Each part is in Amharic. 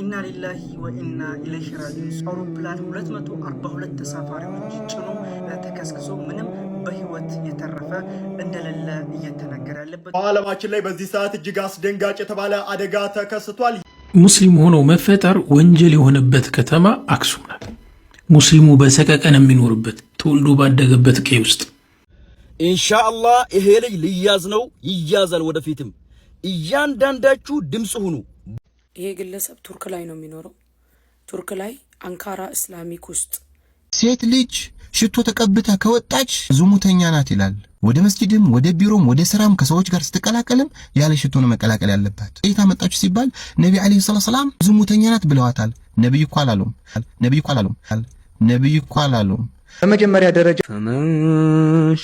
ኢና ሊላሂ ወኢና ኢለይሂ ራጂዑን። አውሮፕላን 242 ተሳፋሪዎች ጭኖ ተከስክሶ ምንም በህይወት የተረፈ እንደሌለ እየተነገረ ያለበት በዓለማችን ላይ በዚህ ሰዓት እጅግ አስደንጋጭ የተባለ አደጋ ተከስቷል። ሙስሊም ሆኖ መፈጠር ወንጀል የሆነበት ከተማ አክሱም ናት። ሙስሊሙ በሰቀቀን የሚኖርበት ተወልዶ ባደገበት ቀይ ውስጥ ኢንሻአላህ ይሄ ልጅ ልያዝ ነው ይያዛል። ወደፊትም እያንዳንዳችሁ ድምፅ ሁኑ። ይሄ ግለሰብ ቱርክ ላይ ነው የሚኖረው። ቱርክ ላይ አንካራ እስላሚክ ውስጥ ሴት ልጅ ሽቶ ተቀብታ ከወጣች ዝሙተኛ ናት ይላል። ወደ መስጂድም ወደ ቢሮም ወደ ስራም ከሰዎች ጋር ስትቀላቀልም ያለ ሽቶ ነው መቀላቀል ያለባት። ይታ መጣችሁ ሲባል ነቢ ዓለይሂ ሰላም ዝሙተኛ ናት ብለዋታል። ነቢይ እኮ አላሉም። ነቢይ እኮ አላሉም። ነቢይ እኮ አላሉም። በመጀመሪያ ደረጃ ፈመን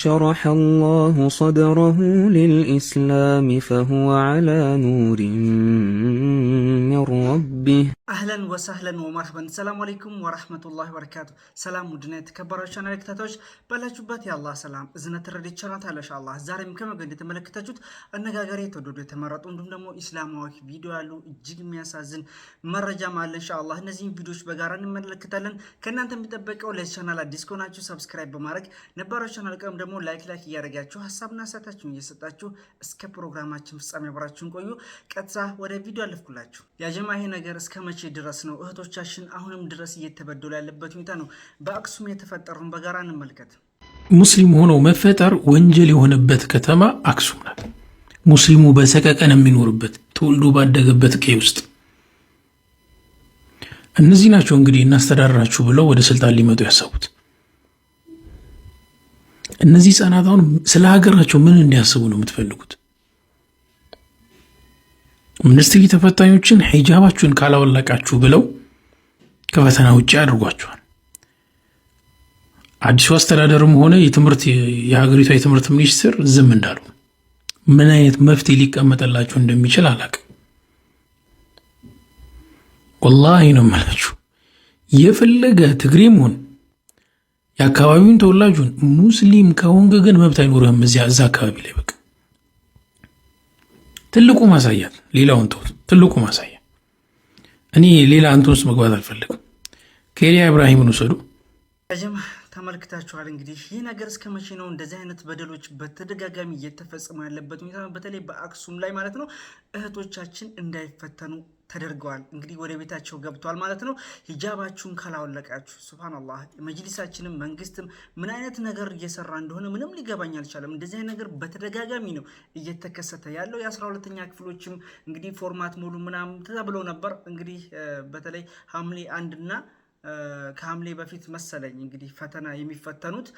ሸረሐ አላሁ ሰድረሁ ሊልኢስላም ፈሁወ ዐላ ኑሪን ሚን ረቢህ። አህለን ወሳህለን ወመርሐበን። ሰላሙ አለይኩም ወረሕመቱላሂ ወበረካቱ። ሰላም ውድና የተከበራችሁ ተከታታዮች ባላችሁበት የአላህ ሰላም እዝነት ረድቸናት አለሻ አላህ ዛሬም ከመገን የተመለከታችሁት አነጋጋሪ የተወደዱ የተመረጡ እንዲሁም ደግሞ ኢስላማዊ ቪዲዮ ያሉ እጅግ የሚያሳዝን መረጃም አለ እንሻ አላህ። እነዚህም ቪዲዮዎች በጋራ እንመለከታለን። ከእናንተ የሚጠበቀው ለቻናል አዲስ ከሆነ ከሆናችሁ ሰብስክራይብ በማድረግ ነባሮችን አልቀም ደግሞ ላይክ ላይክ እያደረጋችሁ ሀሳብና ሰታችሁን እየሰጣችሁ እስከ ፕሮግራማችን ፍጻሜ አብራችሁን ቆዩ። ቀጥታ ወደ ቪዲዮ አለፍኩላችሁ። ያጀማ ይሄ ነገር እስከ መቼ ድረስ ነው? እህቶቻችን አሁንም ድረስ እየተበደሉ ያለበት ሁኔታ ነው። በአክሱም የተፈጠረውን በጋራ እንመልከት። ሙስሊም ሆኖ መፈጠር ወንጀል የሆነበት ከተማ አክሱም ናት። ሙስሊሙ በሰቀቀን የሚኖርበት ተወልዶ ባደገበት ቀይ ውስጥ እነዚህ ናቸው እንግዲህ እናስተዳድራችሁ ብለው ወደ ስልጣን ሊመጡ ያሰቡት። እነዚህ ህጻናት አሁን ስለ ሀገራቸው ምን እንዲያስቡ ነው የምትፈልጉት? ምንስትሪ ተፈታኞችን ሂጃባችሁን ካላወለቃችሁ ብለው ከፈተና ውጭ አድርጓቸዋል። አዲሱ አስተዳደርም ሆነ የትምህርት የሀገሪቷ የትምህርት ሚኒስትር ዝም እንዳሉ ምን አይነት መፍትሄ ሊቀመጠላቸው እንደሚችል አላቅም። ወላሂ ነው የምላችሁ የፈለገ ትግሬም ሆን የአካባቢውን ተወላጁን ሙስሊም ከሆንክ ግን መብት አይኖርህም እዚያ እዛ አካባቢ ላይ በቃ ትልቁ ማሳያት ሌላውን ተውት። ትልቁ ማሳያ እኔ ሌላ አንተ ውስጥ መግባት አልፈልግም። ከኤልያ ኢብራሂምን ውሰዱ። ተመልክታችኋል። እንግዲህ ይህ ነገር እስከ መቼ ነው እንደዚህ አይነት በደሎች በተደጋጋሚ እየተፈጸመ ያለበት ሁኔታ በተለይ በአክሱም ላይ ማለት ነው። እህቶቻችን እንዳይፈተኑ ተደርገዋል። እንግዲህ ወደ ቤታቸው ገብተዋል ማለት ነው። ሂጃባችሁን ካላወለቃችሁ ሱብሃነላህ። መጅሊሳችንም መንግስትም ምን አይነት ነገር እየሰራ እንደሆነ ምንም ሊገባኝ አልቻለም። እንደዚህ አይነት ነገር በተደጋጋሚ ነው እየተከሰተ ያለው። የአስራ ሁለተኛ ክፍሎችም እንግዲህ ፎርማት ሙሉ ምናምን ተብለው ነበር እንግዲህ በተለይ ሐምሌ አንድና ከሐምሌ በፊት መሰለኝ እንግዲህ ፈተና የሚፈተኑት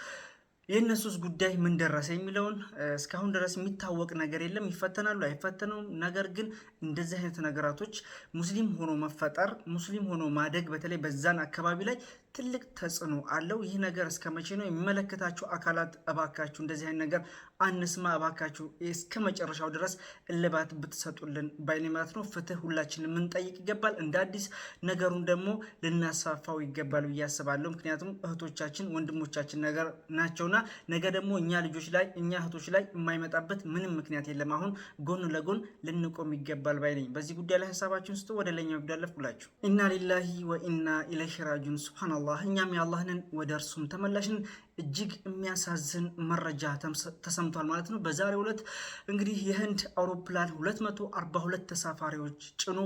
የእነሱስ ጉዳይ ምን ደረሰ የሚለውን እስካሁን ድረስ የሚታወቅ ነገር የለም። ይፈተናሉ አይፈተኑም። ነገር ግን እንደዚህ አይነት ነገራቶች ሙስሊም ሆኖ መፈጠር፣ ሙስሊም ሆኖ ማደግ በተለይ በዛን አካባቢ ላይ ትልቅ ተጽዕኖ አለው። ይህ ነገር እስከ መቼ ነው? የሚመለከታችሁ አካላት እባካችሁ እንደዚህ አይነት ነገር አንስማ፣ እባካችሁ እስከ መጨረሻው ድረስ እልባት ብትሰጡልን ባይኔ ማለት ነው። ፍትህ ሁላችን ልንጠይቅ ይገባል። እንደ አዲስ ነገሩን ደግሞ ልናስፋፋው ይገባል ብዬ አስባለሁ። ምክንያቱም እህቶቻችን ወንድሞቻችን ነገር ናቸውና ነውና ነገ ደግሞ እኛ ልጆች ላይ እኛ እህቶች ላይ የማይመጣበት ምንም ምክንያት የለም። አሁን ጎን ለጎን ልንቆም ይገባል ባይ ነኝ። በዚህ ጉዳይ ላይ ሀሳባችሁን ስጡ። ወደ ለኛው ይብዳለፍኩላችሁ። ኢና ሊላሂ ወኢና ኢለይሂ ራጂዑን። ሱብሃነላህ እኛም የአላህንን ወደ እርሱም ተመላሽን። እጅግ የሚያሳዝን መረጃ ተሰምቷል ማለት ነው። በዛሬው ዕለት እንግዲህ የህንድ አውሮፕላን 242 ተሳፋሪዎች ጭኖ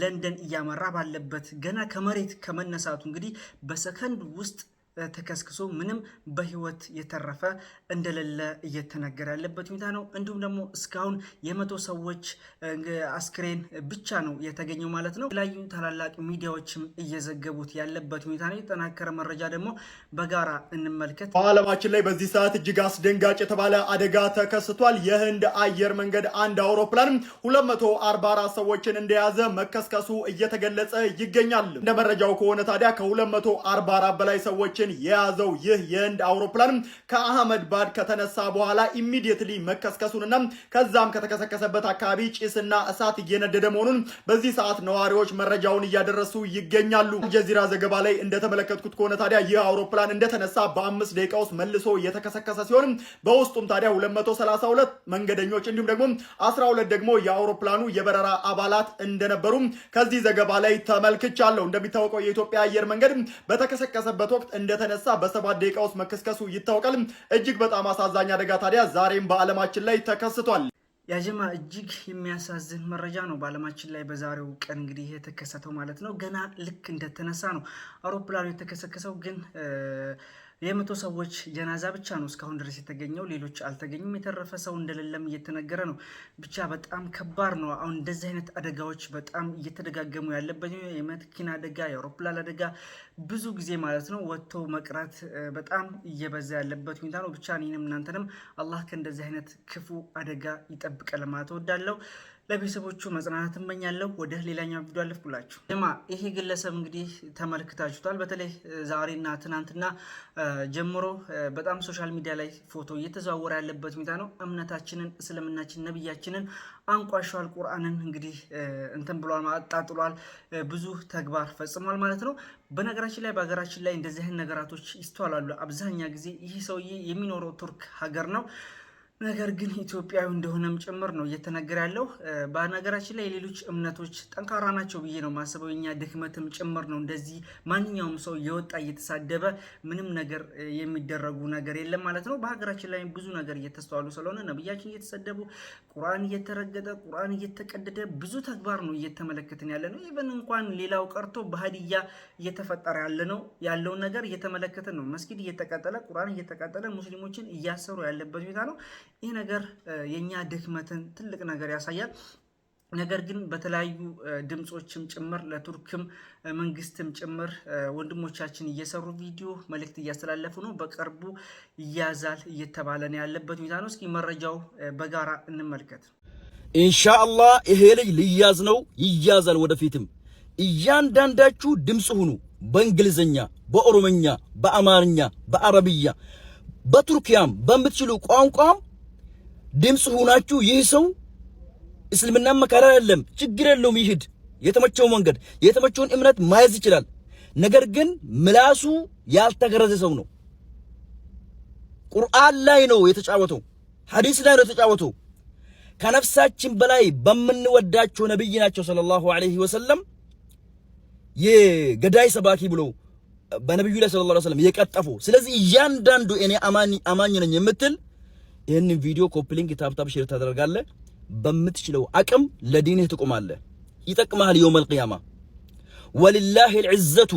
ለንደን እያመራ ባለበት ገና ከመሬት ከመነሳቱ እንግዲህ በሰከንድ ውስጥ ተከስክሶ ምንም በህይወት የተረፈ እንደሌለ እየተነገረ ያለበት ሁኔታ ነው። እንዲሁም ደግሞ እስካሁን የመቶ ሰዎች አስክሬን ብቻ ነው የተገኘው ማለት ነው። የተለያዩ ታላላቅ ሚዲያዎችም እየዘገቡት ያለበት ሁኔታ ነው። የተጠናከረ መረጃ ደግሞ በጋራ እንመልከት። በዓለማችን ላይ በዚህ ሰዓት እጅግ አስደንጋጭ የተባለ አደጋ ተከስቷል። የህንድ አየር መንገድ አንድ አውሮፕላን 244 ሰዎችን እንደያዘ መከስከሱ እየተገለጸ ይገኛል። እንደ መረጃው ከሆነ ታዲያ ከ244 በላይ ሰዎች ሰዎችን የያዘው ይህ የህንድ አውሮፕላን ከአህመድ ባድ ከተነሳ በኋላ ኢሚዲየትሊ መከስከሱንና ከዛም ከተከሰከሰበት አካባቢ ጭስና እሳት እየነደደ መሆኑን በዚህ ሰዓት ነዋሪዎች መረጃውን እያደረሱ ይገኛሉ። አልጀዚራ ዘገባ ላይ እንደተመለከትኩት ከሆነ ታዲያ ይህ አውሮፕላን እንደተነሳ በአምስት ደቂቃ ውስጥ መልሶ የተከሰከሰ ሲሆን በውስጡም ታዲያ 232 መንገደኞች እንዲሁም ደግሞ 12 ደግሞ የአውሮፕላኑ የበረራ አባላት እንደነበሩ ከዚህ ዘገባ ላይ ተመልክቻለሁ። እንደሚታወቀው የኢትዮጵያ አየር መንገድ በተከሰከሰበት ወቅት እንደ እንደተነሳ በሰባት ደቂቃ ውስጥ መከስከሱ ይታወቃል። እጅግ በጣም አሳዛኝ አደጋ ታዲያ ዛሬም በዓለማችን ላይ ተከስቷል። ያጀማ እጅግ የሚያሳዝን መረጃ ነው። በዓለማችን ላይ በዛሬው ቀን እንግዲህ የተከሰተው ማለት ነው። ገና ልክ እንደተነሳ ነው አውሮፕላኑ የተከሰከሰው ግን የመቶ ሰዎች ጀናዛ ብቻ ነው እስካሁን ድረስ የተገኘው። ሌሎች አልተገኙም። የተረፈ ሰው እንደሌለም እየተነገረ ነው። ብቻ በጣም ከባድ ነው። አሁን እንደዚህ አይነት አደጋዎች በጣም እየተደጋገሙ ያለበት የመኪና አደጋ፣ የአውሮፕላን አደጋ ብዙ ጊዜ ማለት ነው ወጥቶ መቅረት በጣም እየበዛ ያለበት ሁኔታ ነው። ብቻ እኔንም እናንተንም አላህ ከእንደዚህ አይነት ክፉ አደጋ ይጠብቀ ለማለት እወዳለሁ። ለቤተሰቦቹ መጽናናት እመኛለሁ። ወደ ሌላኛው ቪዲዮ አለፍኩላችሁ። ጀማ ይሄ ግለሰብ እንግዲህ ተመልክታችሁታል። በተለይ ዛሬና ትናንትና ጀምሮ በጣም ሶሻል ሚዲያ ላይ ፎቶ እየተዘዋወረ ያለበት ሁኔታ ነው። እምነታችንን፣ እስልምናችን፣ ነብያችንን አንቋሿል። ቁርአንን እንግዲህ እንትን ብሏል፣ አጣጥሏል፣ ብዙ ተግባር ፈጽሟል ማለት ነው። በነገራችን ላይ በሀገራችን ላይ እንደዚህ አይነት ነገራቶች ይስተዋላሉ። አብዛኛ ጊዜ ይህ ሰውዬ የሚኖረው ቱርክ ሀገር ነው። ነገር ግን ኢትዮጵያዊ እንደሆነም ጭምር ነው እየተነገረ ያለው። በነገራችን ላይ የሌሎች እምነቶች ጠንካራ ናቸው ብዬ ነው ማስበው። የኛ ድክመትም ጭምር ነው። እንደዚህ ማንኛውም ሰው የወጣ እየተሳደበ ምንም ነገር የሚደረጉ ነገር የለም ማለት ነው። በሀገራችን ላይ ብዙ ነገር እየተስተዋሉ ስለሆነ ነብያችን እየተሰደቡ፣ ቁርአን እየተረገጠ፣ ቁርአን እየተቀደደ ብዙ ተግባር ነው እየተመለከትን ያለ ነው። ኢቨን እንኳን ሌላው ቀርቶ በሀዲያ እየተፈጠረ ያለ ነው ያለውን ነገር እየተመለከትን ነው። መስጊድ እየተቃጠለ፣ ቁርአን እየተቃጠለ ሙስሊሞችን እያሰሩ ያለበት ሁኔታ ነው። ይህ ነገር የእኛ ድክመትን ትልቅ ነገር ያሳያል። ነገር ግን በተለያዩ ድምፆችም ጭምር ለቱርክም መንግስትም ጭምር ወንድሞቻችን እየሰሩ ቪዲዮ መልእክት እያስተላለፉ ነው። በቅርቡ እያዛል እየተባለ ነው ያለበት ሁኔታ ነው። እስኪ መረጃው በጋራ እንመልከት። ኢንሻአላህ ይሄ ልጅ ሊያዝ ነው፣ ይያዛል። ወደፊትም እያንዳንዳችሁ ድምፅ ሁኑ። በእንግሊዝኛ፣ በኦሮምኛ፣ በአማርኛ፣ በአረብያ፣ በቱርኪያም በምትችሉ ቋንቋም ድምፅ ሆናችሁ ይህ ሰው እስልምና መካራ አይደለም፣ ችግር የለውም፣ ይሂድ የተመቸው መንገድ የተመቸውን እምነት ማየዝ ይችላል። ነገር ግን ምላሱ ያልተገረዘ ሰው ነው። ቁርአን ላይ ነው የተጫወተው፣ ሐዲስ ላይ ነው የተጫወተው። ከነፍሳችን በላይ በምንወዳቸው ነብይ ናቸው ሰለላሁ ዐለይሂ ወሰለም የገዳይ ሰባኪ ብሎ በነብዩ ላይ ሰለላሁ ዐለይሂ ወሰለም የቀጠፉ። ስለዚህ እያንዳንዱ እኔ አማኝ ነኝ የምትል ይህንን ቪዲዮ ኮፕሊንግ ታብታብ ሼር ታደርጋለህ። በምትችለው አቅም ለዲንህ ትቆማለህ። ይጠቅመሃል። የውም አልቅያማ ወልላህ ልዕዘቱ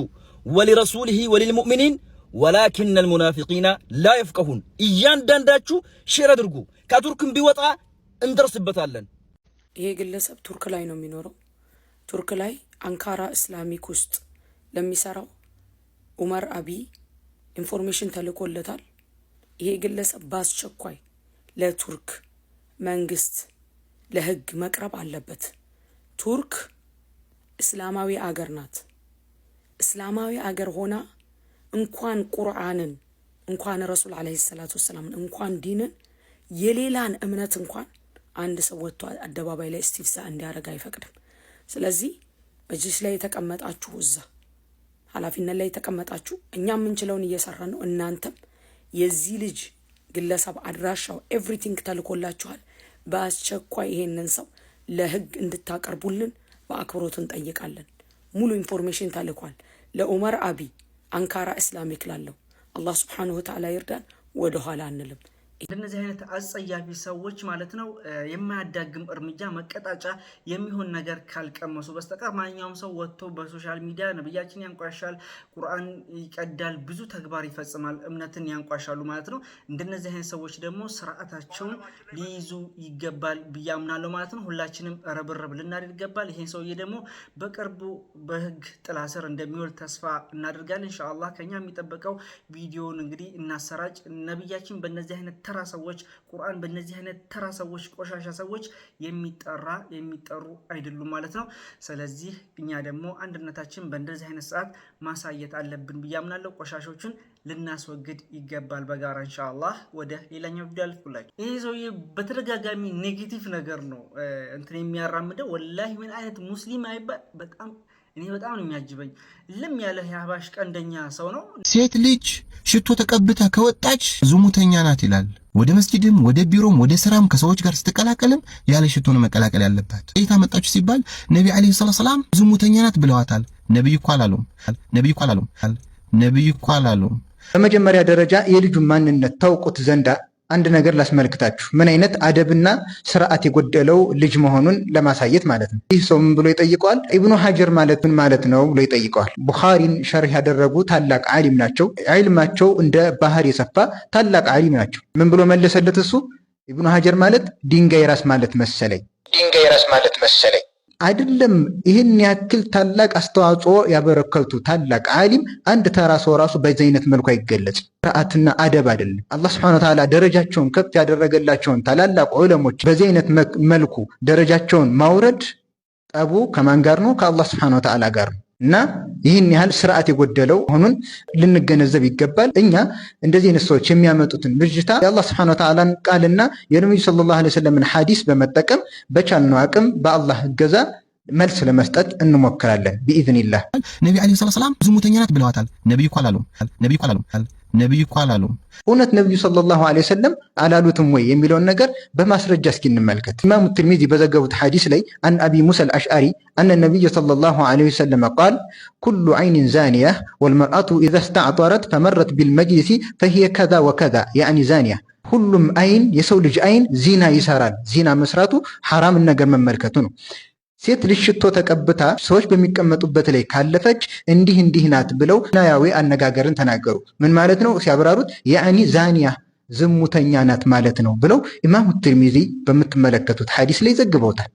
ወሊረሱልህ ወሊልሙእሚኒን ወላኪን አልሙናፊቂና ላ የፍቀሁን። እያንዳንዳችሁ ሼር አድርጉ። ከቱርክም ቢወጣ እንደርስበታለን። ይሄ ግለሰብ ቱርክ ላይ ነው የሚኖረው። ቱርክ ላይ አንካራ እስላሚክ ውስጥ ለሚሰራው ኡመር አቢይ ኢንፎርሜሽን ተልኮለታል። ይሄ ግለሰብ በአስቸኳይ ለቱርክ መንግስት ለህግ መቅረብ አለበት። ቱርክ እስላማዊ አገር ናት። እስላማዊ አገር ሆና እንኳን ቁርአንን እንኳን ረሱል ዓለይሂ ሰላቱ ወሰላምን እንኳን ዲንን የሌላን እምነት እንኳን አንድ ሰው ወጥቶ አደባባይ ላይ እስቲፍሳ እንዲያደርግ አይፈቅድም። ስለዚህ መጅሊስ ላይ የተቀመጣችሁ እዛ ኃላፊነት ላይ የተቀመጣችሁ እኛ የምንችለውን እየሰራን ነው። እናንተም የዚህ ልጅ ግለሰብ አድራሻው ኤቭሪቲንግ ተልኮላችኋል። በአስቸኳይ ይሄንን ሰው ለህግ እንድታቀርቡልን በአክብሮት እንጠይቃለን። ሙሉ ኢንፎርሜሽን ተልኳል። ለኡመር አቢ አንካራ እስላሚክ ላለው አላህ ስብሓንሁ ወተዓላ ይርዳን። ወደኋላ አንልም። እንደነዚህ አይነት አጸያፊ ሰዎች ማለት ነው የማያዳግም እርምጃ መቀጣጫ የሚሆን ነገር ካልቀመሱ በስተቀር ማንኛውም ሰው ወጥቶ በሶሻል ሚዲያ ነብያችን ያንቋሻል፣ ቁርአን ይቀዳል፣ ብዙ ተግባር ይፈጽማል፣ እምነትን ያንቋሻሉ ማለት ነው። እንደነዚህ አይነት ሰዎች ደግሞ ስርዓታቸውን ሊይዙ ይገባል ብዬ አምናለሁ ማለት ነው። ሁላችንም ረብርብ ልናደርግ ይገባል። ይሄን ሰውዬ ደግሞ በቅርቡ በህግ ጥላ ስር እንደሚውል ተስፋ እናደርጋለን። ኢንሻአላህ ከኛ የሚጠበቀው ቪዲዮን እንግዲህ እናሰራጭ ነብያችን በእነዚህ አይነት ተራ ሰዎች ቁርአን በእነዚህ አይነት ተራ ሰዎች፣ ቆሻሻ ሰዎች የሚጠራ የሚጠሩ አይደሉም ማለት ነው። ስለዚህ እኛ ደግሞ አንድነታችን በእንደዚህ አይነት ሰዓት ማሳየት አለብን ብዬ አምናለሁ። ቆሻሾቹን ልናስወግድ ይገባል በጋራ እንሻላ ወደ ሌላኛው ጉዳይ አልኩላችሁ። ይሄ ሰውዬ በተደጋጋሚ ኔጌቲቭ ነገር ነው እንትን የሚያራምደው ወላሂ ምን አይነት ሙስሊም አይባል በጣም እኔ በጣም ነው የሚያጅበኝ። ልም ያለ የአህባሽ ቀንደኛ ሰው ነው። ሴት ልጅ ሽቶ ተቀብታ ከወጣች ዝሙተኛ ናት ይላል። ወደ መስጂድም ወደ ቢሮም ወደ ስራም ከሰዎች ጋር ስትቀላቀልም ያለ ሽቶ ነው መቀላቀል ያለባት። ሴት መጣችሁ ሲባል ነቢ ዓለይሂ ሰላም ዝሙተኛ ናት ብለዋታል። ነቢይ እኮ አላሉም። ነቢይ እኮ አላሉም። ነቢይ እኮ አላሉም። በመጀመሪያ ደረጃ የልጁ ማንነት ታውቁት ዘንዳ አንድ ነገር ላስመልክታችሁ ምን አይነት አደብና ስርዓት የጎደለው ልጅ መሆኑን ለማሳየት ማለት ነው። ይህ ሰውም ብሎ ይጠይቀዋል? ኢብኑ ሀጀር ማለት ምን ማለት ነው ብሎ ይጠይቀዋል። ቡኻሪን ሸርህ ያደረጉ ታላቅ አሊም ናቸው። ዒልማቸው እንደ ባህር የሰፋ ታላቅ አሊም ናቸው። ምን ብሎ መለሰለት እሱ? ኢብኑ ሀጀር ማለት ድንጋይ ራስ ማለት መሰለኝ፣ ድንጋይ ራስ ማለት መሰለኝ። አይደለም ይህን ያክል ታላቅ አስተዋጽኦ ያበረከቱ ታላቅ ዓሊም አንድ ተራ ሰው ራሱ በዚህ አይነት መልኩ አይገለጽ። ስርዓትና አደብ አይደለም። አላህ ሱብሐነሁ ወተዓላ ደረጃቸውን ከፍ ያደረገላቸውን ታላላቅ ዑለሞች በዚህ አይነት መልኩ ደረጃቸውን ማውረድ ጠቡ ከማን ጋር ነው? ከአላህ ሱብሐነሁ ወተዓላ ጋር ነው። እና ይህን ያህል ስርዓት የጎደለው መሆኑን ልንገነዘብ ይገባል። እኛ እንደዚህ አይነት ሰዎች የሚያመጡትን ብዥታ የአላህ ስብሐነ ወተዓላን ቃልና የነቢዩ ሰለላሁ ዐለይሂ ወሰለምን ሐዲስ በመጠቀም በቻልነው አቅም በአላህ እገዛ መልስ ለመስጠት እንሞክራለን። ቢኢዝኒላህ ነቢ ዐለይሂ ሰላም ዝሙተኛ ናት ብለዋታል። ነቢይ እኮ አላሉም። ነቢዩ እኮ አላሉም። እውነት ነቢዩ ሰለላሁ ዐለይሂ ወሰለም አላሉትም ወይ የሚለውን ነገር በማስረጃ እስኪ እንመልከት። ኢማሙ ትርሚዚ በዘገቡት ሐዲስ ላይ አን አቢ ሙሳ አልአሽዓሪ አነ ነቢዩ ሰለላሁ ዐለይሂ ወሰለም ቃል ኩሉ ዐይንን ዛንያ ወልመርአቱ ኢዛ ስተዕጠረት ፈመረት ቢልመጅሊሲ ፈሂየ ከዛ ወከዛ ያዕኒ ዛንያ ሁሉም አይን የሰው ልጅ አይን ዚና ይሰራል። ዚና መስራቱ ሐራምን ነገር መመልከቱ ነው። ሴት ልጅ ሽቶ ተቀብታ ሰዎች በሚቀመጡበት ላይ ካለፈች እንዲህ እንዲህ ናት ብለው ናያዊ አነጋገርን ተናገሩ። ምን ማለት ነው ሲያብራሩት ያኒ ዛኒያ ዝሙተኛ ናት ማለት ነው ብለው ኢማሙ ትርሚዚ በምትመለከቱት ሐዲስ ላይ ዘግበውታል።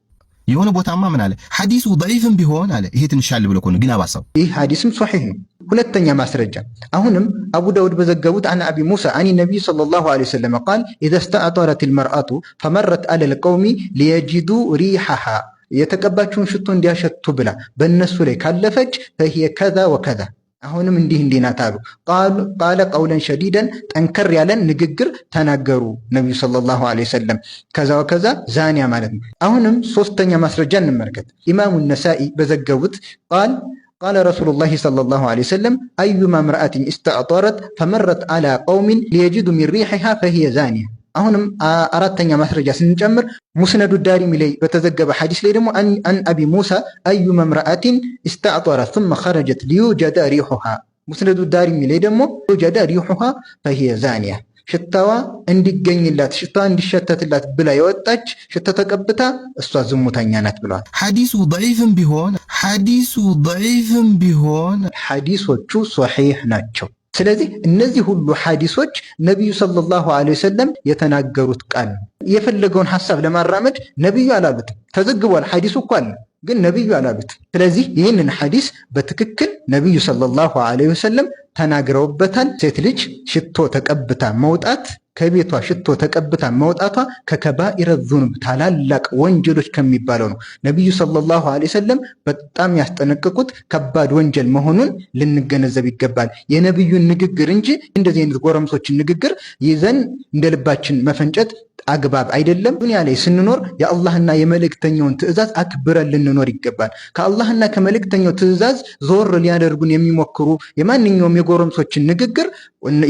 የሆነ ቦታማ ምን አለ ሐዲሱ ደዒፍም ቢሆን አለ ይሄ ትንሻል ብሎ ነው ግን አባሳው ይህ ሐዲስም ሶሒህ ነው። ሁለተኛ ማስረጃ አሁንም አቡ ዳውድ በዘገቡት አን አቢ ሙሳ አን ነቢይ ሰለላሁ ዐለይሂ ወሰለም ቃል ኢዘ ስተአጠረት ልመርአቱ ፈመረት አለል ቀውሚ ሊየጂዱ ሪሓሃ የተቀባችውን ሽቶ እንዲያሸቱ ብላ በእነሱ ላይ ካለፈች ፈሂየ ከዛ ወከዛ አሁንም እንዲህ እንዲህ ናት አሉ። ቃለ ቀውለን ሸዲደን ጠንከር ያለን ንግግር ተናገሩ ነቢዩ ሰለላሁ ዐለይሂ ወሰለም። ከዛ ወከዛ ዛኒያ ማለት ነው። አሁንም ሶስተኛ ማስረጃ እንመልከት። ኢማሙ ነሳኢ በዘገቡት ቃል ቃለ ረሱሉላሂ ሰለላሁ ዐለይሂ ወሰለም አዩማ ምርአትን እስተዕጠረት ፈመረት አላ ቀውሚን ሊየጅዱ ሚን ሪሒሃ ፈሂየ ዛኒያ አሁንም አራተኛ ማስረጃ ስንጨምር ሙስነዱ ዳሪሚ ላይ በተዘገበ ሐዲስ ላይ ደግሞ አን አቢ ሙሳ አዩ መምራአቲን እስተዕጠረ ثመ ኸረጀት ሊዩጀደ ሪሑሃ ሙስነዱ ዳሪሚ ላይ ደግሞ ሊዩጀደ ሪሑሃ ፈሂየ ዛኒያ ሽታዋ እንዲገኝላት ሽታዋ እንዲሸተትላት ብላ የወጣች ሽታ ተቀብታ እሷ ዝሙተኛ ናት ብለዋል። ሐዲሱ ደዒፍም ቢሆን ሐዲሱ ደዒፍም ቢሆን ሐዲሶቹ ሶሒሕ ናቸው። ስለዚህ እነዚህ ሁሉ ሐዲሶች ነቢዩ ሰለላሁ ዐለይሂ ወሰለም የተናገሩት ቃል ነው። የፈለገውን ሀሳብ ለማራመድ ነቢዩ አላሉት ተዘግቧል። ሐዲሱ እኮ አለ፣ ግን ነቢዩ አላሉት ስለዚህ ይህንን ሐዲስ በትክክል ነቢዩ ሰለላሁ ዐለይሂ ወሰለም ተናግረውበታል። ሴት ልጅ ሽቶ ተቀብታ መውጣት ከቤቷ ሽቶ ተቀብታ መውጣቷ ከከባኢረ ዙኑብ ታላላቅ ወንጀሎች ከሚባለው ነው። ነቢዩ ሰለላሁ ዐለይሂ ወሰለም በጣም ያስጠነቀቁት ከባድ ወንጀል መሆኑን ልንገነዘብ ይገባል። የነቢዩን ንግግር እንጂ እንደዚህ አይነት ጎረምሶችን ንግግር ይዘን እንደ ልባችን መፈንጨት አግባ አግባብ አይደለም። ዱንያ ላይ ስንኖር የአላህና የመልእክተኛውን ትዕዛዝ አክብረን ልንኖር ይገባል። ከአላህና ከመልእክተኛው ትዕዛዝ ዞር ሊያደርጉን የሚሞክሩ የማንኛውም የጎረምሶችን ንግግር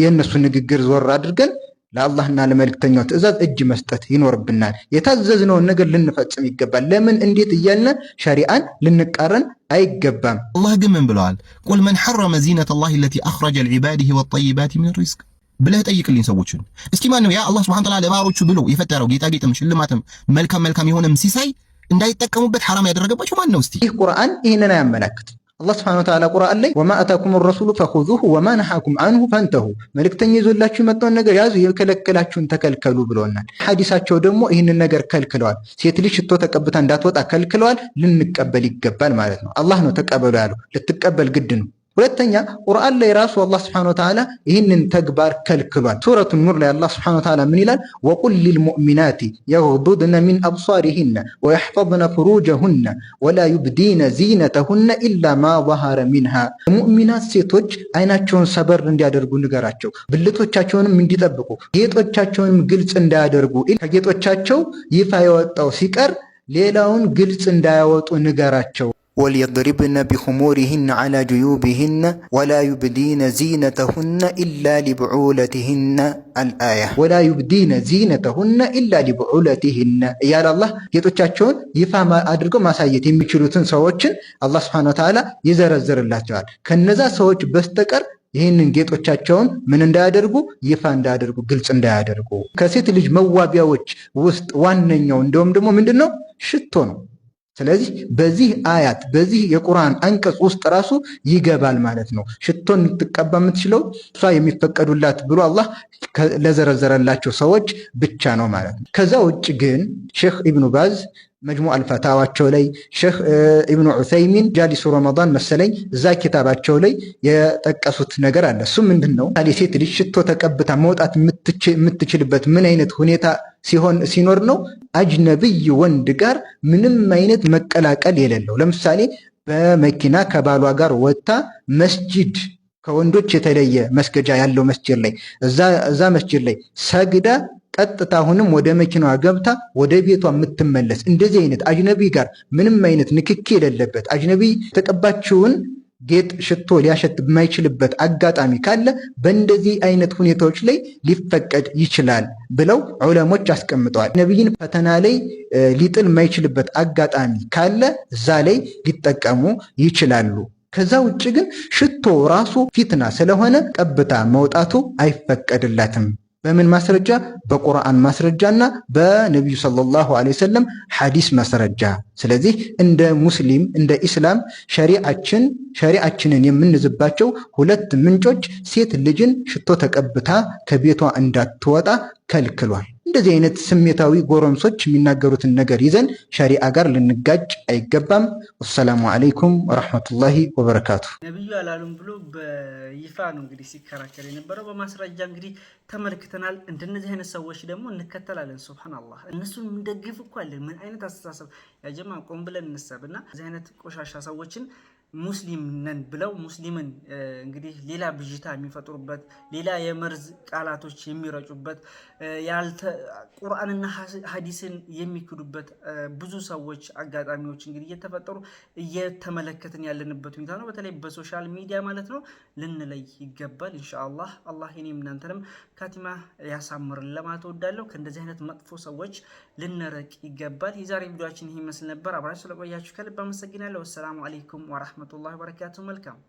የእነሱ ንግግር ዞር አድርገን ለአላህና ለመልእክተኛው ትዕዛዝ እጅ መስጠት ይኖርብናል። የታዘዝነውን ነገር ልንፈጽም ይገባል። ለምን እንዴት እያልን ሸሪአን ልንቃረን አይገባም። አላህ ግን ምን ብለዋል? ቁል መን ሐረመ ዚነት አላህ ለቲ አኽረጀ ሊዕባዲህ ወጠይባት ሚን ሪዝቅ ብለህ ጠይቅልኝ ሰዎችን። እስኪ ማን ነው ያ አላህ ሱብሓነሁ ወተዓላ ለባሮቹ ብሎ የፈጠረው ጌጣጌጥም ሽልማትም መልካም መልካም የሆነም ሲሳይ እንዳይጠቀሙበት ሐራም ያደረገባቸው ማን ነው? እስቲ ይህ ቁርአን ይህንን አያመለክትም። አላህ ሱብሓነሁ ወተዓላ ቁርአን ላይ ወማ አታኩም ረሱሉ ፈኹዙሁ ወማ ነሐኩም አንሁ ፈንተሁ፣ መልእክተኛ ይዞላችሁ የመጣውን ነገር ያዙ፣ የከለከላችሁን ተከልከሉ ብሎናል። ሐዲሳቸው ደግሞ ይህንን ነገር ከልክለዋል። ሴት ልጅ ሽቶ ተቀብታ እንዳትወጣ ከልክለዋል። ልንቀበል ይገባል ማለት ነው። አላህ ነው ተቀበሉ ያለው። ልትቀበል ግድ ነው። ሁለተኛ ቁርአን ላይ ራሱ አላህ ስብሐነ ወተዓላ ይህንን ተግባር ከልክሏል። ሱረቱ ኑር ላይ አላህ ስብሐነ ወተዓላ ምን ይላል? ወቁል ሊልሙእሚናቲ የግዱድነ ሚን አብሳሪሂነ ወየሕፈዝነ ፍሩጀሁነ ወላ ዩብዲነ ዚነተሁነ ኢላ ማ ظሀረ ሚንሃ። ሙእሚናት ሴቶች አይናቸውን ሰበር እንዲያደርጉ ንገራቸው፣ ብልቶቻቸውንም እንዲጠብቁ፣ ጌጦቻቸውንም ግልጽ እንዳያደርጉ፣ ከጌጦቻቸው ይፋ የወጣው ሲቀር ሌላውን ግልጽ እንዳያወጡ ንገራቸው። ወልየድሪብነ ቢኹሙሪህነ ዐላ ጁዩቢህነ ወላ ዩብዲነ ዚነተሁነ ኢላ ሊብዑለትህነ አልአያ ወላ ዩብዲነ ዚነተሁነ ኢላ ሊብዑለትህነ እያለ አላህ ጌጦቻቸውን ይፋ አድርገው ማሳየት የሚችሉትን ሰዎችን አላህ ስብሐነ ወተዓላ ይዘረዝርላቸዋል። ከነዛ ሰዎች በስተቀር ይህንን ጌጦቻቸውን ምን እንዳያደርጉ ይፋ እንዳያደርጉ ግልጽ እንዳያደርጉ። ከሴት ልጅ መዋቢያዎች ውስጥ ዋነኛው እንደውም ደግሞ ምንድን ነው? ሽቶ ነው። ስለዚህ በዚህ አያት በዚህ የቁርአን አንቀጽ ውስጥ ራሱ ይገባል ማለት ነው። ሽቶን ልትቀባ የምትችለው እሷ የሚፈቀዱላት ብሎ አላህ ለዘረዘረላቸው ሰዎች ብቻ ነው ማለት ነው። ከዛ ውጭ ግን ሼክ ኢብኑ ባዝ መጅሙ አልፈታዋቸው ላይ ሼክ ኢብኑ ዑሰይሚን ጃሊሱ ረመዳን መሰለኝ እዛ ኪታባቸው ላይ የጠቀሱት ነገር አለ። እሱ ምንድን ነው? ሴት ልጅ ሽቶ ተቀብታ መውጣት የምትችልበት ምን አይነት ሁኔታ ሲሆን ሲኖር ነው? አጅነብይ ወንድ ጋር ምንም አይነት መቀላቀል የሌለው ለምሳሌ በመኪና ከባሏ ጋር ወጥታ መስጂድ ከወንዶች የተለየ መስገጃ ያለው መስጅድ ላይ እዛ መስጅድ ላይ ሰግዳ ቀጥታ አሁንም ወደ መኪናዋ ገብታ ወደ ቤቷ የምትመለስ እንደዚህ አይነት አጅነቢ ጋር ምንም አይነት ንክኪ የሌለበት አጅነቢ የተቀባችውን ጌጥ ሽቶ ሊያሸት የማይችልበት አጋጣሚ ካለ በእንደዚህ አይነት ሁኔታዎች ላይ ሊፈቀድ ይችላል ብለው ዑለሞች አስቀምጠዋል። ነቢይን ፈተና ላይ ሊጥል የማይችልበት አጋጣሚ ካለ እዛ ላይ ሊጠቀሙ ይችላሉ። ከዛ ውጭ ግን ሽቶ ራሱ ፊትና ስለሆነ ቀብታ መውጣቱ አይፈቀድላትም። በምን ማስረጃ? በቁርአን ማስረጃና በነቢዩ ሰለላሁ ዐለይሂ ወሰለም ሐዲስ ማስረጃ። ስለዚህ እንደ ሙስሊም እንደ ኢስላም ሸሪዓችን ሸሪዓችንን የምንዝባቸው ሁለት ምንጮች ሴት ልጅን ሽቶ ተቀብታ ከቤቷ እንዳትወጣ ከልክሏል። እንደዚህ አይነት ስሜታዊ ጎረምሶች የሚናገሩትን ነገር ይዘን ሸሪአ ጋር ልንጋጭ አይገባም። ወሰላሙ አለይኩም ወረሕመቱላሂ ወበረካቱ። ነብዩ አላሉም ብሎ በይፋ ነው እንግዲህ ሲከራከር የነበረው በማስረጃ እንግዲህ ተመልክተናል። እንደነዚህ አይነት ሰዎች ደግሞ እንከተላለን። ሱብሃነላህ እነሱን እንደግፍ እኮ አለን። ምን አይነት አስተሳሰብ ያጀማ! ቆም ብለን እንሰብ እና እዚህ አይነት ቆሻሻ ሰዎችን ሙስሊም ነን ብለው ሙስሊምን እንግዲህ ሌላ ብዥታ የሚፈጥሩበት ሌላ የመርዝ ቃላቶች የሚረጩበት ቁርአንና ሀዲስን የሚክዱበት ብዙ ሰዎች አጋጣሚዎች እንግዲህ እየተፈጠሩ እየተመለከትን ያለንበት ሁኔታ ነው። በተለይ በሶሻል ሚዲያ ማለት ነው። ልንለይ ይገባል። ኢንሻአላህ አላህ ኔም እናንተንም ካቲማ ያሳምርን ለማለት እወዳለሁ። ከእንደዚህ አይነት መጥፎ ሰዎች ልንረቅ ይገባል። የዛሬ ቪዲዮችን ይህ ይመስል ነበር። አብራችሁ ስለቆያችሁ ከልብ አመሰግናለሁ። አሰላሙ አሌይኩም ወረሕመ ወረህመቱላሂ ወበረካቱ። መልካም